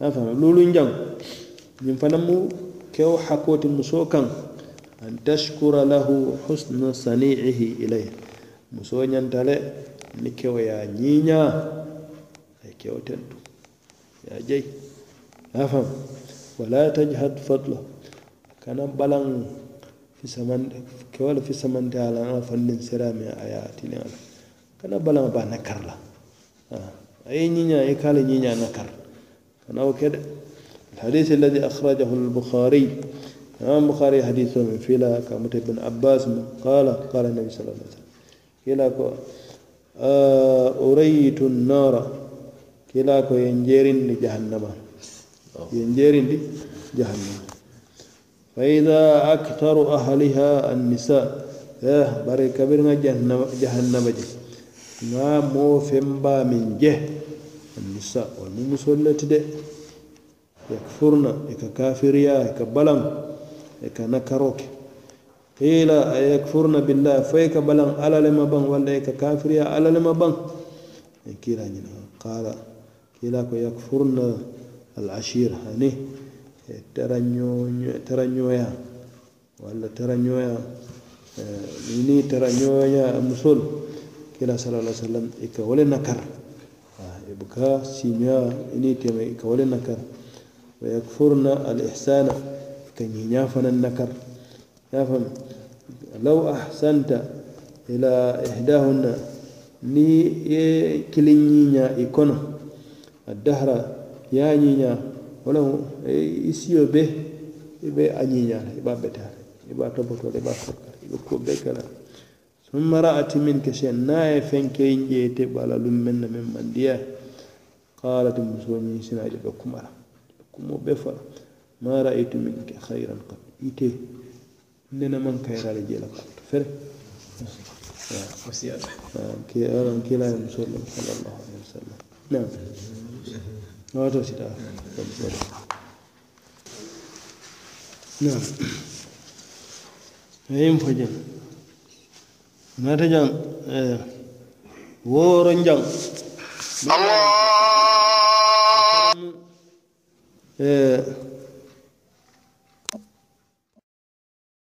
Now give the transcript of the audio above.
nafa lulu jang yin fana mu kyau hakoti muso kan an tashkura lahu husna sani'ihi ilai muso tale ni kyau ya nyinya ay kyau tentu ya jeyi nafam wala tajhad fadla kana balan fisamande fi fisamande ala ana fannin a ya tini ala kana balan ba na a ah, ayi nyinya ya kala na karla أنا كده الحديث الذي أخرجه البخاري الإمام البخاري حديث من فيلا كمت بن عباس قال قال النبي صلى الله عليه وسلم كلا كو آه، أريت النار كلا كو ينجرين لجهنم ينجرين لجهنم فإذا أكثر أهلها النساء يا بارك كبير جهنم جهنم جه ما نعم، مو فيمبا من جه jissa wala mu musol le ti de yakfurna i ka kafiriya i ka balaŋ i ka nakaro ke qila a yakfurna billah fo i ka balaŋ alla le ma baŋ walla i ka kafiriya alla le ma baŋ i kiila ñina qala kiila ko yakfurna alashir hani tarañoya walla tarañoya ni tarañoya musol kila sallallahu alaihi wasallam i ka wo le nakara بكا سيميا إني تيمي كولي نكر ويكفرنا الإحسان كان ينافنا النكر يافن لو أحسنت إلى إهداهن ني كلينينا إيكونا الدهر يانينا ولو إسيو به إبا أنينا إبا بتار إبا تبطل إبا فكر إبا كوبكرا ثم رأت منك شيئا نايفين كينجي تبالا لمن من مندياه قالت ام سلمي سنا جبكم على جبكم بفر ما رايت منك خيرا قط ايت ننا من خير على قط فر وسيادة كي أنا كي لا يمسلم صلى الله عليه وسلم نعم ما توسيدا نعم eyim fo jam nata jam é,